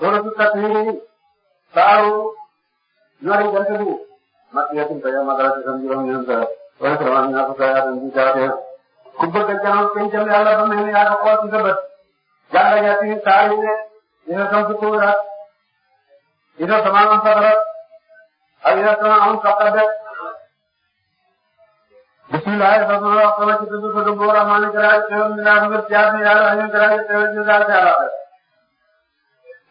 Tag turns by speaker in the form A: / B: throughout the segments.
A: loolu ci kat ñu ngi saaru ñori jant bi mat yéen suñ ko yéen magal ci seen juróom-ñeent wala vraiment ñu naan ko saa yaatu ñu jaaree ku bëgg a jàmm kenn jëm yàlla ba mel ni yaa ko xool ci sa bët jàll ñetti saa yu ne dina sam su kuuraat dina sama am fatara ak dina sama am saqade bismillah ba ma wax sama ci tudd ko du bu rahmaani karaay teewul ñu naan ko jaaree yàlla ñu karaay teewul ñu daal ci àll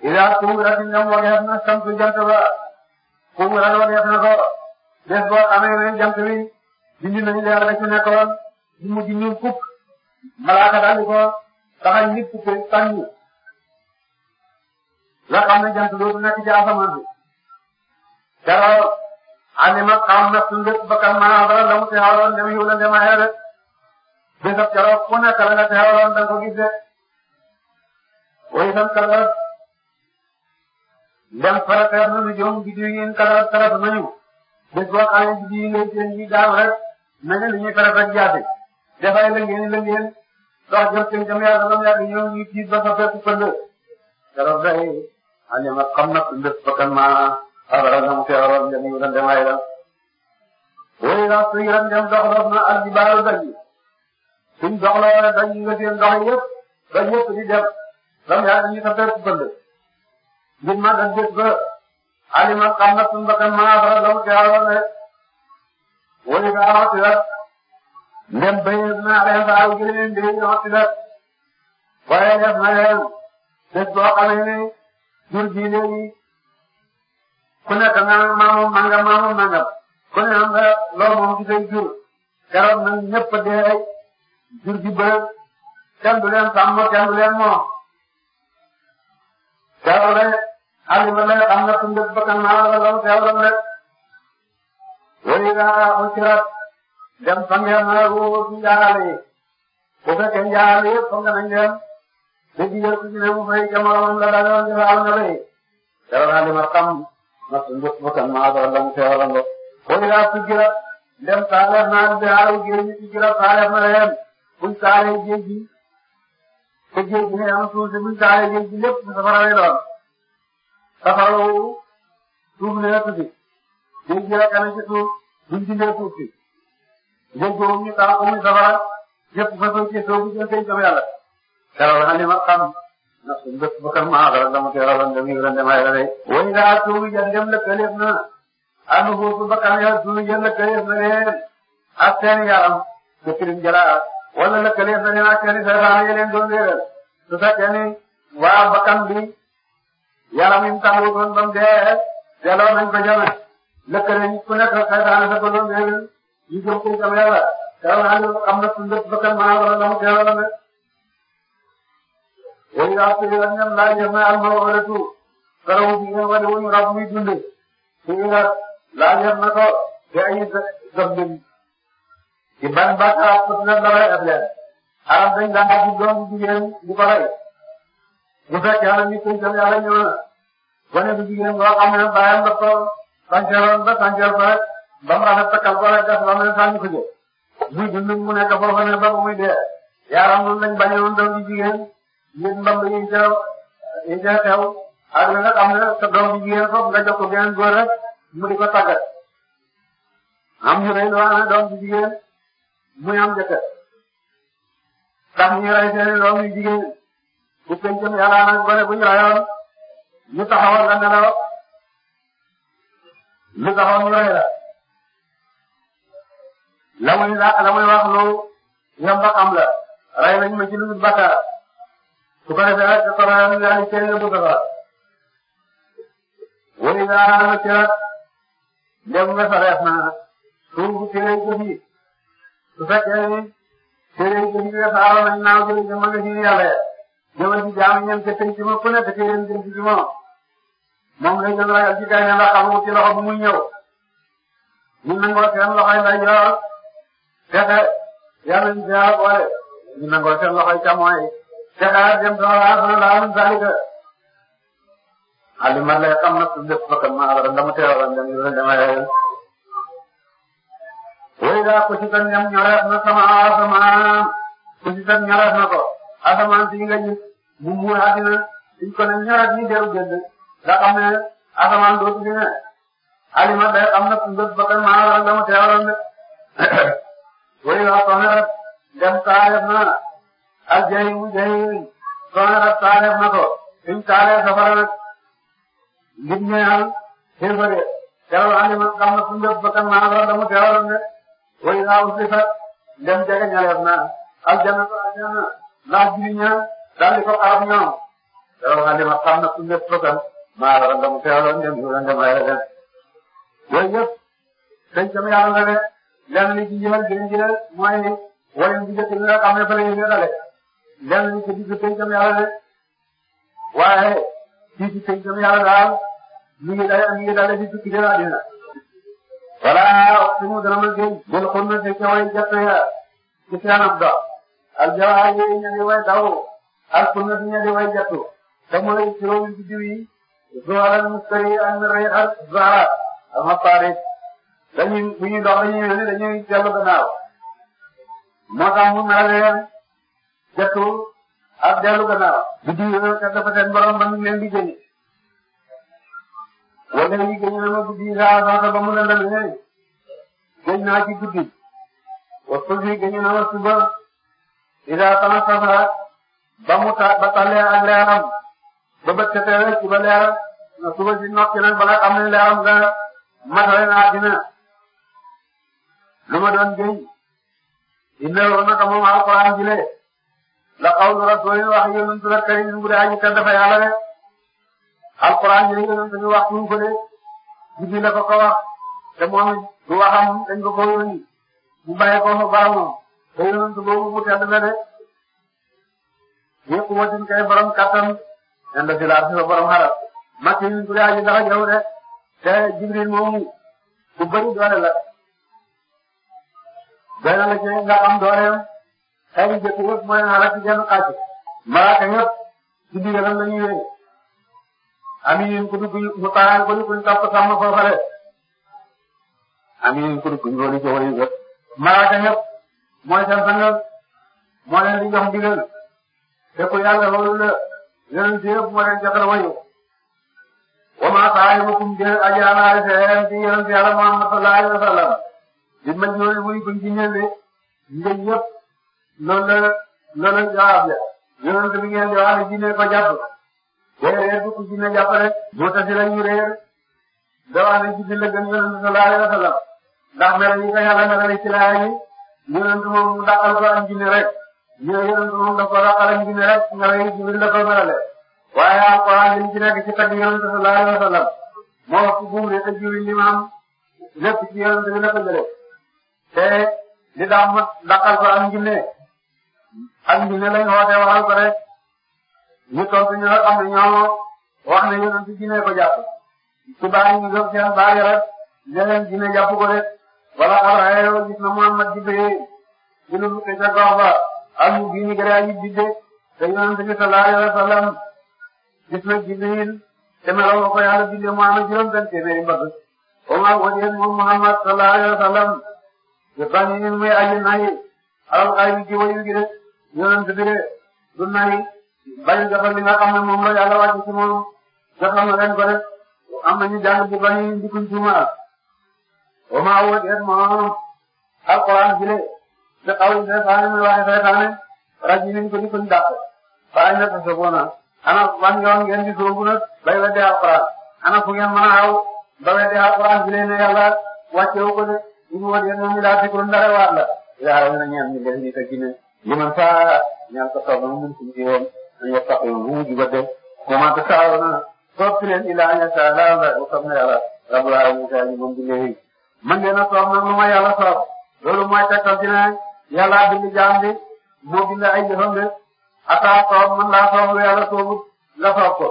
A: ila kuwira tin ñoom wageef na sant jant ba kuwira wageef na ko des boo amee leen jant bi dindi nañu leer la ci nekkoon ñu mujj ñun fukk malaaka daal di ko taxañ nit fukk tànn la xam ne jant dootu nekk ci asamaan bi dara alima xam na suñu lépp bakkan maanaam dara la mu teewaloon dem yiw la demee rek bésab jaroo ku nekk la nga teewaloon da nga ko gis de way itam kàlla ndax farataar na ne ñoom biddew yi ñu kalaat kalaat nañu bés boo xaaree biddew yi lay seen yi daaw rek na nga li ñuy farat ak jaase dafay lëngeen lëngeen dox jëm seen jëm yàlla ba mu yàgg ñoom ñu tiit ba fa fekk pënd. keroog day xale ma xam na ndës ba kan maa xabaral na mu teewaloon dem yu dem ay la. wala ndax suy ren dem dox dox na ak di baalu daj yi suñ dox la wala daj yi nga seen dox yëpp ba ñëpp di dem ba mu yàgg ñu fa fekk pënd. ngir màgg ak jëf ba alima xam na suñu bakkan maa ba law ci aroon rek wala daa waxtu la ndem béyee naa leen ba aw jëlee ndéy waxtu la waaye def na leen bés boo xamee ne jur bii léegi ku nekk naa maamu mangam maamu mangam ku ne am nga loo moom ci seen jur keroog nag ñëpp dee jur gi bëri kenn du leen sàmm kenn du leen moom. teewle xalima ne am na tunda bakkan naa la lam teewlam de wayu daa usirat dem sangeen na ruusu njaal yi bu fekkee njaal yi yëpp nga nañ leen di digal ku ci ne mu fay jamono la dañoo ñu am na lay teewal xalima xam na tunda bakkan naa la lam teewlam de wayu daa sugira dem saaleef naa di aaru géej sugira saaleef na leen buñ saale géej gi te géej gi ne am suuf si buñ saale géej gi lépp safara lay doon saxaaroo suuf ne la tuuti géej gi rek a ci suuf buñ dindee suuf si géej boobu ñu tax ko muy safara ñëpp fa soo ci soo bu jël seen jëm yàlla. keroog nag li ma xam ndax suñ bët bu kan maa ah, dara dama teewaloon dem yu rënd may rëy. wëñ laa suuf ja dem lëkkaleef na ànd foofu ba kan ya suuf ja lëkkaleef na leen ak seen yaram te firim jalaat wala lëkkaleef na leen ak seen i sa leen doon réeral su fekkee ni waa bakkan bi. yaram yi mu tàmbaliwoon ba mu dee delloo nañ ko jëme lëkkale nit ku nekk saytaane sa bëggoon déedéet ñu jëm ko jëm yàlla teew naa ne am na suñu lépp bëkkal maa wala dama teeloon ne. yooyu daal na am na wala tuut keroog bi ngeen wane wuñu rab muy la laaj def na ay gëm leen ci ban bàq ak suñu la dafay def leen. alam dañ daan di doon jigéen di ko rey. bu fekkee nag ñu tëj tamit yàlla ñëw na gone bu jigéen boo xam ne bàyyam ba ko sànceeloon ba sànceel ko rek ba mu rafet takkal ko rek def ba mu ne saa ñu ko jël muy dund mu nekk foofu ne ba muy dee yaaram loolu lañ bañoon doom bi jigéen nit mbam yi ñu ca yi ca xew ak li nga xam ne sa doom bi jigéen foofu nga jox ko beneen góor rek mu di ko tàggat am ñu rey loo xam ne doom bi jigéen muy am jëkkër tax ñu rey seen doom yu jigéen bu pencam yàlla nag gone bu ñu rayoon ñu taxawal la nelaw lu taxaw ñu ray la la muy la la wax lu yam ba la ray nañ ma ci lu dul bakkaar su ko defee rek ko ray ñu yaani cëri nga bëgg fa woni daa na ci la dem nga sa reef na suñ bu cëri ko fi su ni cëri ko fi nga saaroon nañ naaw jëli jëmm nga jamono ji jaamu ñoom ca penc ma ku nekk ci yéen penc ci moom moom la ñu doon ragal ci gaynde ndax xamu ci loxo bu muy ñëw ñu nangoo seen loxoy lay yor fexe yàlla ñu gën a boole ñu nangoo seen loxoy càmmooñ fexe ak dem sama laaj sama laajum zaalika Aliou man lay xam na suñu def bakkan ma la dama teewaloon dem yu dama yeyal. wéy daa ku ci kan ñoom ñoreef na sama asamaan ku ci kan ñoreef na ko asamaan si nga gis. mu muur àddina suñ ko ne ñëwaat ñu dellu jënd nga xam ne asamaan dootu fi ne alima day xam na suñ bët ba kan maa waral dama teewaloon de wéy waa Soxna dem taaleef na aljahi wu jahi Soxna taaleef na ko suñ taalee safara nag lim ñëwaal xéefar yi teewal alima xam na suñ bët ba kan maa waral dama teewaloon de wéy waa Oussefat dem jege ñaleef na aljanna ko aljanna laaj bi ñëw. daal di ko xaar ñoom dara wax dëgg xam na suñu lépp bëgg maa la dem teewloon dem ñu dem ay rëdd yooyu yëpp dañ sama yàlla nga ne lenn li ci jëlal gën jëlal mooy wala ñu jëkk ñu rek am na fa la ñuy dale lenn li ci digg dañ sama yàlla ne waaye fii ci dañ sama yàlla daal ñu ngi dale ñu ngi dale di tukki dina dina voilà suñu dana ma gën jël xul na te ca way jàpp ya ci kanam ba al jawaay yi ñu ngi way daw ak sunna di ña di way jattu te mooy juróomi biddiw yi zuhral mustari an reexal zara al masarik dañuy bu ñuy dox dañuy mel ni dañuy dellu gannaaw moo tax mu mel leen jattu ak dellu gannaaw biddiw yi kat dafa seen borom ba mu leen di génne wala yi génne na ma biddiw saa sax ba mu leen dal ñëw génn naa ci guddi wa suuf yi génne na ma suba ila tama safara ba mu ta ba talee ak leeram ba bët ca tey rek suba leer na suba si noppi nag balaa leeram nga matale naa dina lu ma doon gëy innahu naka moom alquran jile la qawlu rasulin wax yonent la karim bu dee aji ka dafa yàlla rek alquran jile yonent bi wax ñu ko de jibi la ko ko wax te moom du waxam dañ ko ko yónni mu bàyyi ko fa baramoom te yonent boobu mu tedd na de ñu ko wëcin kay borom kattan indi si laaj si borom xalaat màcc nañu su dee dara jaww de te moom ku bëri doole la. doy na nga am dooleem xëy na jëkk yëpp mooy xalaat ci genn xaaj malaaka yëpp ci biiram la ñuy wéy amiin ku dugg ñu taal ko ñu topp sàmm foofa de amiin ku dugg loolu ci wàllu yëpp malaaka yëpp mooy seen sangal moo leen di jox ndigal te ko yàlla loolu la yeneen ci yëpp moo leen jotal wañu wa maa saahibukum bi ajanaari seen ci yeneen ci yàlla Muhammad sallallahu alayhi wa sallam di mel noonu muy buñ ci ñëwee ngeen ñëpp loolu la loolu la jawaab la yeneen ci bi ngeen di wax ne jinne ko jàpp day réer du rek moo tax si la ñu da wax ne ci la gën yeneen sallallahu alayhi wa sallam ndax mel ni ko yàlla mel ni ci laay yi yeneen moom mu dàqal ko am rek ñu ne yéen moom dafa rafetlu ñu ne rek nga ne Jibril la ko melale waaye alquran yi ci nekk ci tagg yonent sallallahu alayhi wa sallam moo wax buum ne te Jibril limaam lépp ci yonent bi la ko jële te li daa mot ndax alquran ji ne ak ñu ne lañ xoote waxal ko rek ñu tontu ñu rek am na wax ne yonent ji ne ko jàpp su bàyyi ñu gëm seen bàyyi rek leneen ji ne jàpp ko rek wala Abraha gis na Muhammad di bëggee dina bëgg ca Gawar. ak ñu diini gërëm ñu jidde te yonent bi sallallahu alayhi wa sallam gis na Jibril te meloo nga ko yàlla bindee mu am juróom benn téeméeri mbagg oma wajeen moom Muhammad sallallahu alayhi wa sallam te bànn yi muy aji nay alal xay bi jiw a yu gi de yonent bi de du nay bañ defal li nga xam ne moom la yàlla wàcc ci moom defal na leen ko def am nañu jàng bu bànn yi ndikuñ ci ma oma wajeen moom alquran bi de te xawul seytaane muy waxe seytaane rajo nañ ko ni ko ñu dàq bala ñu tasaboona ana wan yoon ngeen di sóobu nag bay wedde alquran ana fu ngeen mën a aw ba wedde alquran bi leen ne yàlla wàcce wu ko de ñu mu wane moom laa fikrun dara waat la yaa wala ñaan ñu def ni ka li man saa ñaan ko toog mu mun ci woon ñu wax tax mu mujj ba de commencé saa na toog ci leen ilaa ña saa laa la ko xam ne yàlla rabbul alamin bi léegi man de na toog nag ma yàlla yàlla bind jaam bi moo bind ay jëfam de ataa soob mën laa soob lu yàlla soobu nga soob ko